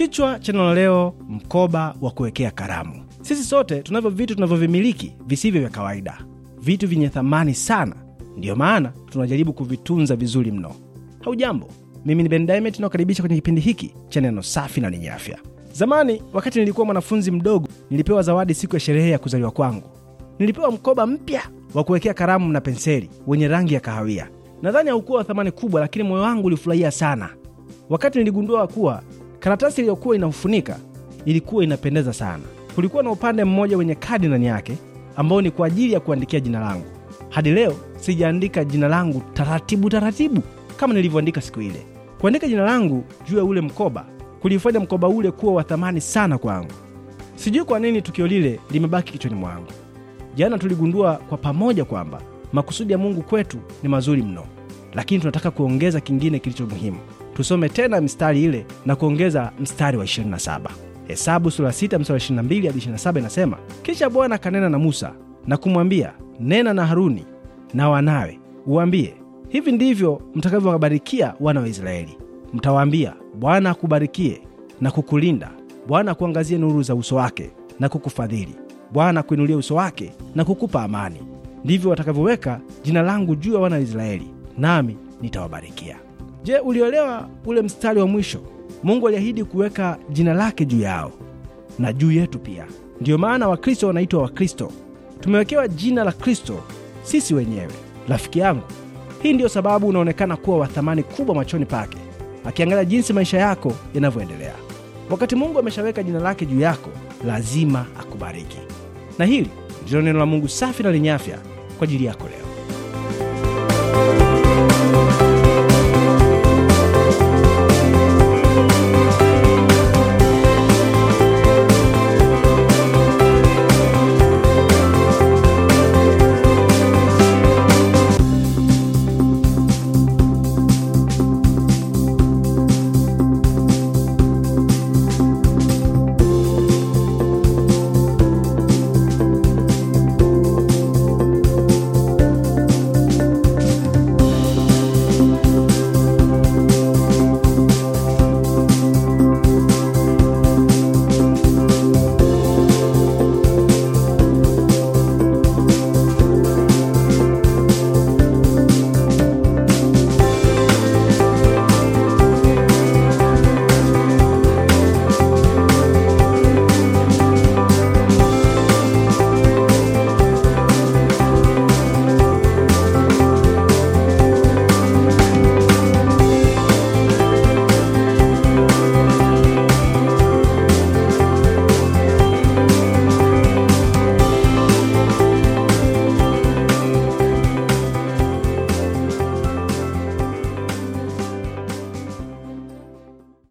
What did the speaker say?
Kichwa cha neno leo, mkoba wa kuwekea karamu. Sisi sote tunavyo vitu tunavyovimiliki visivyo vya kawaida, vitu vyenye thamani sana, ndiyo maana tunajaribu kuvitunza vizuri mno. Haujambo, mimi ni Ben Dynamite nakukaribisha kwenye kipindi hiki cha neno safi na lenye afya. Zamani wakati nilikuwa mwanafunzi mdogo, nilipewa zawadi siku ya sherehe ya kuzaliwa kwangu. Nilipewa mkoba mpya wa kuwekea karamu na penseli wenye rangi ya kahawia. Nadhani haukuwa wa thamani kubwa, lakini moyo wangu ulifurahia sana wakati niligundua kuwa Karatasi iliyokuwa inamfunika ilikuwa inapendeza sana. Kulikuwa na upande mmoja wenye kadi ndani yake ambao ni kwa ajili ya kuandikia jina langu. Hadi leo sijaandika jina langu taratibu taratibu kama nilivyoandika siku ile. Kuandika jina langu juu ya ule mkoba kulifanya mkoba ule kuwa wa thamani sana kwangu. Sijui kwa nini tukio lile limebaki kichwani mwangu. Jana tuligundua kwa pamoja kwamba makusudi ya Mungu kwetu ni mazuri mno, lakini tunataka kuongeza kingine kilicho muhimu tusome tena mstari ile na kuongeza mstari wa 27. Hesabu sura 6 mstari wa 22 hadi 27 inasema, kisha Bwana akanena na Musa na kumwambia, nena na Haruni na wanawe uwambie, hivi ndivyo mtakavyowabarikia wana wa Israeli. Mtawaambia, Bwana akubarikie na kukulinda, Bwana akuangazie nuru za uso wake na kukufadhili, Bwana akuinulie uso wake na kukupa amani. Ndivyo watakavyoweka jina langu juu ya wana wa Israeli, nami nitawabarikia. Je, ulioelewa ule mstari wa mwisho? Mungu aliahidi kuweka jina lake juu yao na juu yetu pia. Ndiyo maana Wakristo wanaitwa Wakristo, tumewekewa jina la Kristo sisi wenyewe. Rafiki yangu, hii ndiyo sababu unaonekana kuwa wa thamani kubwa machoni pake, akiangalia jinsi maisha yako yanavyoendelea. Wakati Mungu ameshaweka jina lake juu yako, lazima akubariki. Na hili ndilo neno la Mungu safi na lenye afya kwa ajili yako leo.